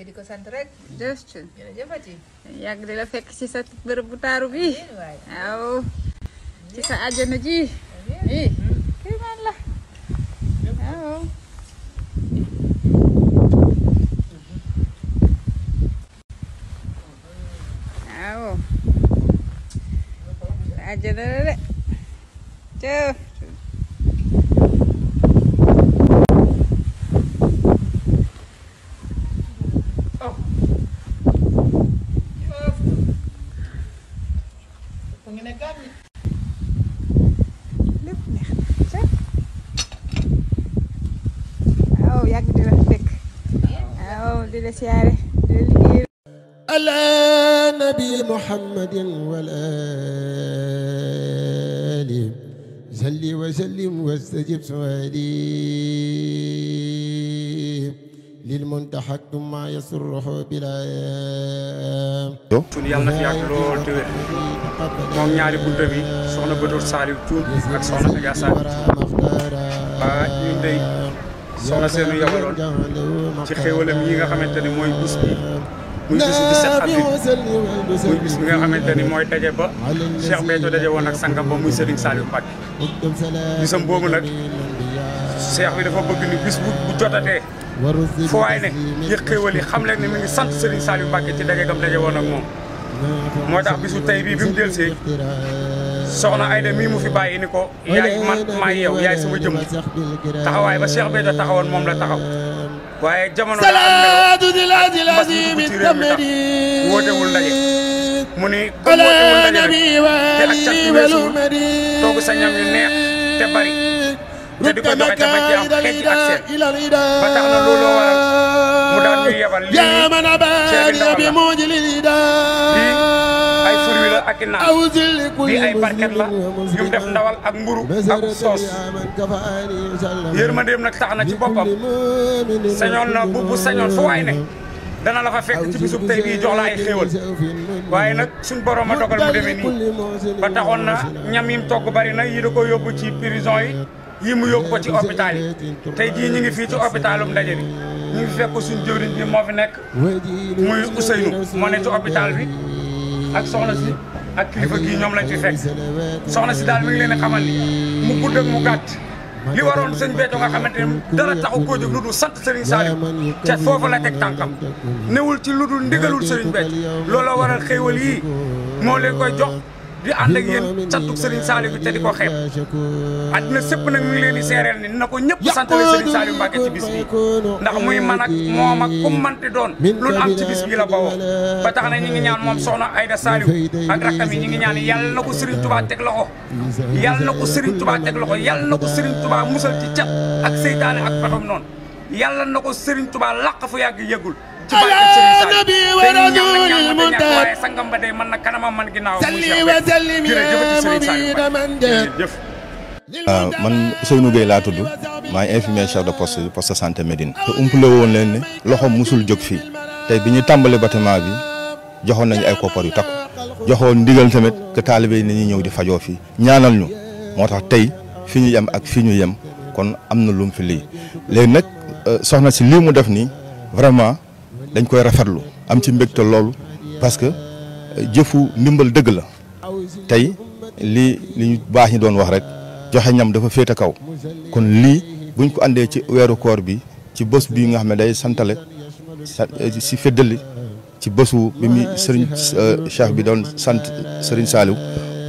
te di ko la fekk ci sa bërëb bu taaru bi waaw ci sa àjjana ji. oui kii man la lépp neex na waaw yàgg di la fekk waaw di la siyaare di la liggéey ala nabi muhammadin wal ali salli wa sallim wastajib suali للمنتحى ما يسره بلا yàlla na fi yàgg lool te wér moom ñaari bunta bi soxna Badoor Saliou Thioune ak soxna Adja Saliou Thioune ñun day soxna seenu yabaloon ci xéewalam yi nga xamante ni mooy bés bi muy bisu bi nga xamante ni mooy daje ba Cheikh Béthio daje woon ak sangam ba muy Serigne Saliou Mbacké bisam boobu nag Cheikh bi dafa bëgg ni bis bu bu jotatee fo waay ne yëg xéewal xam leen ne mi ngi sant Serigne Saliou Mbacke ci daje gam daje woon ak moom moo tax bisu tey bii bi mu delsee soxna Ayda mii mu fi bàyyi ni ko yaay man maa yow yaay sama jëm taxawaay ba Cheikh Béthio taxawoon moom la taxaw waaye jamono la am melo mbas mi dugg ci réew mi tax wootewul ndaje mu ni comme wootewul ndaje rek te ak cat bi toogu sa ñam yu neex te bari te di ko joxe dafa ci am xeeti ak seen ba tax na loolu waral mu daal ñuy yebal lii ceebi ndaw la ay furwi la ak i naan lii ay barket la ñu def ndawal ak mburu ak soos yërmandeem nag tax na ci boppam sañoon na bu bu sañoon fu waay dana la fa fekk ci bisub tey bii jox la ay xéewal waaye nag suñ borom a dogal mu demee nii ba taxoon na ñam togg bari na yi da ko yóbbu ci prison yi yi mu yóbbu ko ci hôpital yi tey jii ñu ngi fii ci hôpitalum ndaje bi ñu ngi fekk suñ jëwriñ bi moo fi nekk muy Ousseynou moo ne ci hôpital bi ak soxna si ak kilifa gii ñoom lañ fi fekk soxna si daal mi ngi leen a xamal mu gudd ak mu gàtt li waroon sëñ Béthio nga xamante ne dara taxu koo jóg lu dul sant Serigne Saliou te foofu la teg tànkam newul ci lu dul ndigalul Serigne Béthio looloo waral xéewal yii moo leen koy jox di ànd ak yéen cantuk Serigne Saliou bi te di ko a àddina sëpp nag mu ngi seereel ni na ko ñëpp santale Serigne a Mbacke ci bis bi ndax muy man ak moom ak doon lu am ci bis bi la bawoo ba tax na ñi ñaan moom soxna Aïda Saliou ak a yi ñi ngi ñaan yàlla na ko Serigne Touba teg loxo yàlla na ko Serigne Touba teg loxo yàlla na ko Serigne Touba musal ci cat ak seytaane ak patam noonu yàlla na ko Serigne Touba làq fu yàgg yëgul sangam ba day man ginnaaw waaw ah, man laa tudd maay infirmier chef de post poste santé Médine te umpale woon leen ne loxo musul jóg fi tey bi ñu tàmbali bâtiment bi joxoon nañu ay koppar yu takku joxoon ndigal tamit que taalibe yi nañuy ñëw di fajoo fii ñaanal ñu moo tax tey fi ñu yem ak fi ñu yem kon am na lum fi lii léegi nag euh, soxna si lii mu def nii vraiment dañ koy rafetlu am ci mbégte loolu parce que euh, jëfu ndimbal dëgg la tey lii li ñu baax ñi doon wax rek joxe ñam dafa féete kaw kon lii buñ ko àndee ci weeru koor bi ci bës bii nga xam ne day santale euh, si feddali ci bësu bi muy sëriñ euh, cheikh bi doon sant sëriñ Saliou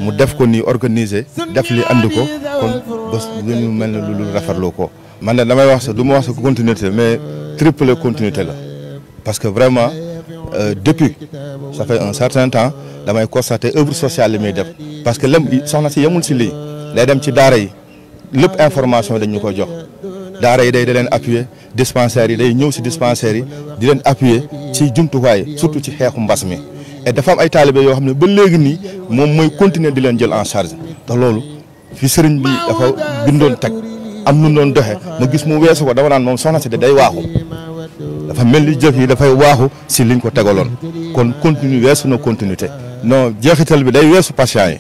mu def ko nii organiser def li andi ko kon bés lu mel na lu rafetlu ko. man ne damay wax sa du ma wax sa continuité mais triple continuité la. parce que vraiment euh, depuis ça fait un certain temps damay constater œuvre sociale li muy def parce que lem soxna si yemul si lii day dem ci daara yi lépp information dañ ñu ko jox daara yi day de leen appuyer dispensaires yi day ñëw si dispensaires yi di leen appuyer ci jumtukaay surtout ci xeexu mbas mi et dafa am ay taalibe yoo xam ne ba léegi nii moom mooy continuer di leen jël en charge te loolu fi sëriñ bi dafa bindoon teg am nu doon doxe ma gis mu weesu ko dama naan moom soxna si de day waaxu dafa mel ni jëf yi dafay waaxu si ñu ko tegaloon kon continue weesu na continuité non jeexital bi day weesu patient yi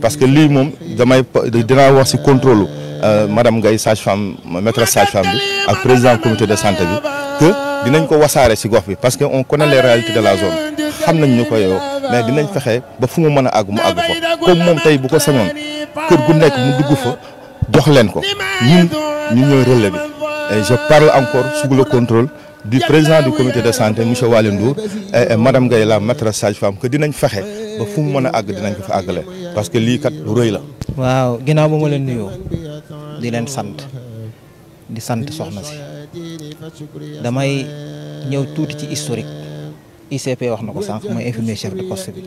parce que lii moom damay dinaa wax si contrôle euh, madame Ngaye sage-femme maîtresse sage-femme bi ak président comité de santé bi que dinañ ko wasaare si gox bi parce que on connaît les de la zone xam nañ ñu ko yow mais dinañ fexe ba fu mu mën a àgg mu àgg ko comme moom tey bu ko sañoon kër gu nekk mu dugg fa jox leen ko ñun ñu ñooy Et je parle encore sous le contrôle du président du comité de santé monsieur Walendour et madame Gaye la maîtresse sage-femme que dinañ fexe ba fu mu mën a àgg dinañ ko fa àggale parce que lii kat lu rëy la. waaw ginnaaw ba ma leen nuyoo di leen sant di sant soxna si damay ñëw tuuti ci historique ICP wax na ko sànq mooy infirmier chef de poste bi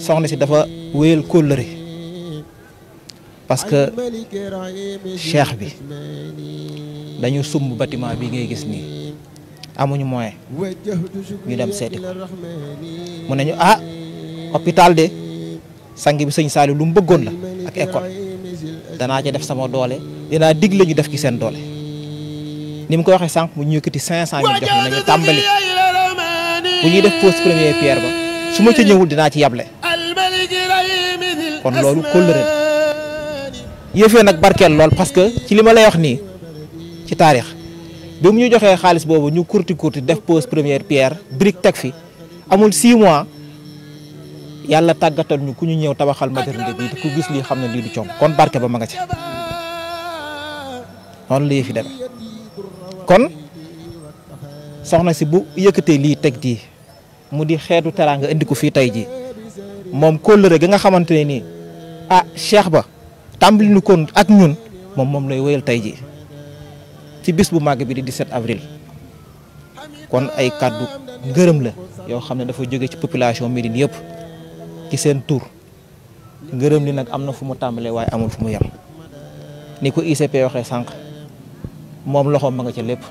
soxna si dafa wéyal kóllëre parce que cheikh bi dañu sumb batiment bi ngay gis nii amuñu moyen ñu dem seeti ko mun nañu ah hôpital de sang bi sëñ Saliou lu mu bëggoon la ak école danaa ci def sama doole dinaa digle ñu def ci seen doole ni mu ko waxee sànq mu ñu yëkkati cinq cent mille ñu nañu tàmbali bu ñuy def pose première pierre ba su ma ca ñëwul dinaa ci yable kon loolu kóllëre yëfee nag barkeel lool parce que ci li ma lay wax nii ci taarix bi mu ñu joxee xaalis boobu ñu kurti kurti def pose première pierre brique teg fi amul 6 mois yàlla tàggatal ñu ku ñu ñëw tabaxal maternité bi ku gis lii xam ne lii di coom kon barke ba ma nga ci noonu la yëfi demee kon soxna si bu yëkkatee lii teg jii mu di xeetu teraanga indi ko fii tey jii moom kóllëre gi nga xamante ne nii ah cheikh ba. tàmbali nu kon ak ñun moom moom lay wéyal tey ji ci bis bu màgg bi di 17 avril kon ay kàddu ngërëm la yoo xam ne dafa jóge ci population Médine yépp ci seen tur ngërëm li nag am na fu mu tàmbalee waaye amul fu mu yem ni ko ICP waxee sànq moom loxoom ma nga ca lépp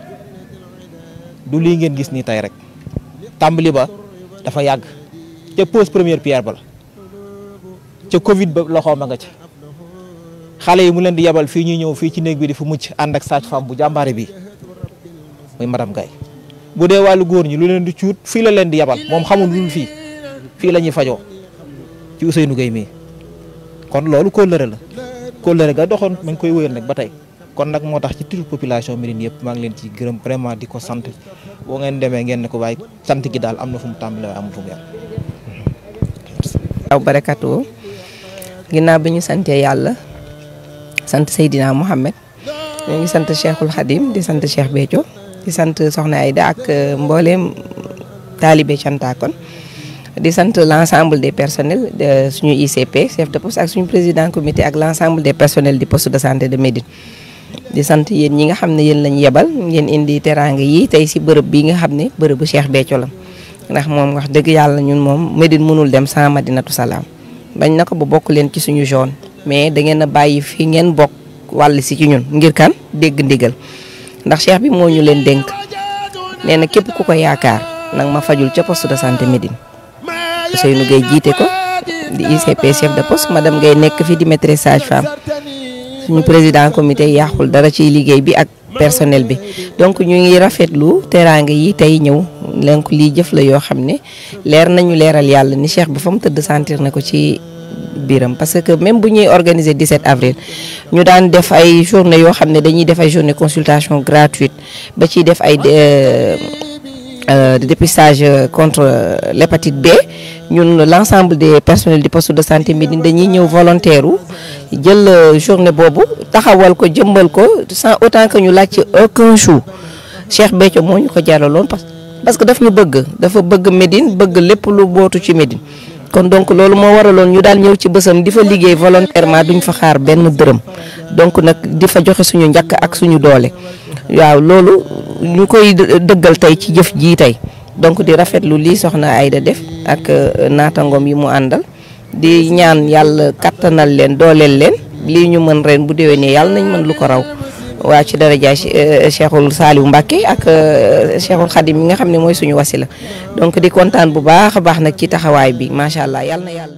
du lii ngeen gis nii tey rek tàmbali ba dafa yàgg ca pose première pierre ba la ca Covid ba loxoom ma nga ca. xale yi mu leen di yebal fii ñuy ñëw fii ci néeg bi di fu mucc ànd ak sage-femme bu jàmbaare bi muy madame Gaye bu dee wàllu góor ñi lu leen di cuut fii la leen di yebal moom xamul lu fii fii la ñuy fajoo ci Ousseynou Gueye mii kon loolu kóllëre la kóllëre ga doxoon ma koy wéyal nag ba tey kon nag moo tax ci tur population Médine yëpp maa ngi leen ci gërëm vraiment di ko sant boo ngeen demee ngeen ne ko waaye sant gi daal am na fu mu tàmbalee waaye amul yàlla. sant Seydina Mohamed ñu ngi sant Cheikhul Khadim di sant Cheikh Béthio di sant Soxna Aïda ak euh, mbooleem taalibe Cantakon di sant l' ensemble des personnels de suñu ICP chef de poste ak suñu président comité ak l' ensemble des di du poste de santé de Médine di sant yéen ñi nga xam ne yéen lañ yebal ngeen indi teraanga yi tey si bërëb bi nga xam ne bërëbu Cheikh Béthio la ndax moom wax dëgg yàlla ñun moom Médine mënul dem sans Madinatu Salaam bañ na ko bokk leen ci suñu zone mais da ngeen a bàyyi fi ngeen bokk wàll si ci ñun ngir kan dégg ndigal ndax cheikh bi moo ñu leen dénk nee na képp ku ko yaakaar nag ma fajul ca post de santé Médine Ousseynou Gueye jiite ko di ICP chef de ma dem Gueye nekk fi di maîtresse sage-femme suñu président comité yàqul dara ci liggéey bi ak personnel bi donc ñu ngi rafetlu teraanga yi tey ñëw donc lii jëf la yoo xam ne leer nañu leeral yàlla ni cheikh bi fa mu tëdd sentir na ko ci biiram parce que même bu ñuy organiser 17 avril ñu daan def ay journée yoo xam ne dañuy def ay journée consultation gratuite ba ciy def ay euh, euh, dépistage contre l'hépatite B ñun l'ensemble des personnels du poste de santé Médine dañuy ñëw volontaire jël euh, journée boobu taxawal ko jëmbal ko sans autant que ñu laajte aucun jour Cheikh Béthio moo ñu ko jàllaloon parce que daf ñu bëgg dafa bëgg Médine bëgg lépp lu bootu ci Médine kon donc loolu moo waraloon ñu daal ñëw ci bësam di fa liggéey volontairement duñ fa xaar benn dërëm donc nag di fa joxe suñu njàkk ak suñu doole waaw loolu ñu koy dëggal tey ci jëf jii tey donc di rafetlu lii soxna Aida def ak euh, naatangoom yi mu àndal di ñaan yàlla kattanal leen dooleel leen lii ñu mën ren bu déwénee yàlla nañ mën lu ko raw waaw ci daraja euh, Cheikhul Saliou Mbacke ak euh, Cheikhul Khadim mi nga xam ne mooy suñu wasila donc di kontaan bu baax a baax nag ci taxawaay bi macha allah yàlla na yàlla.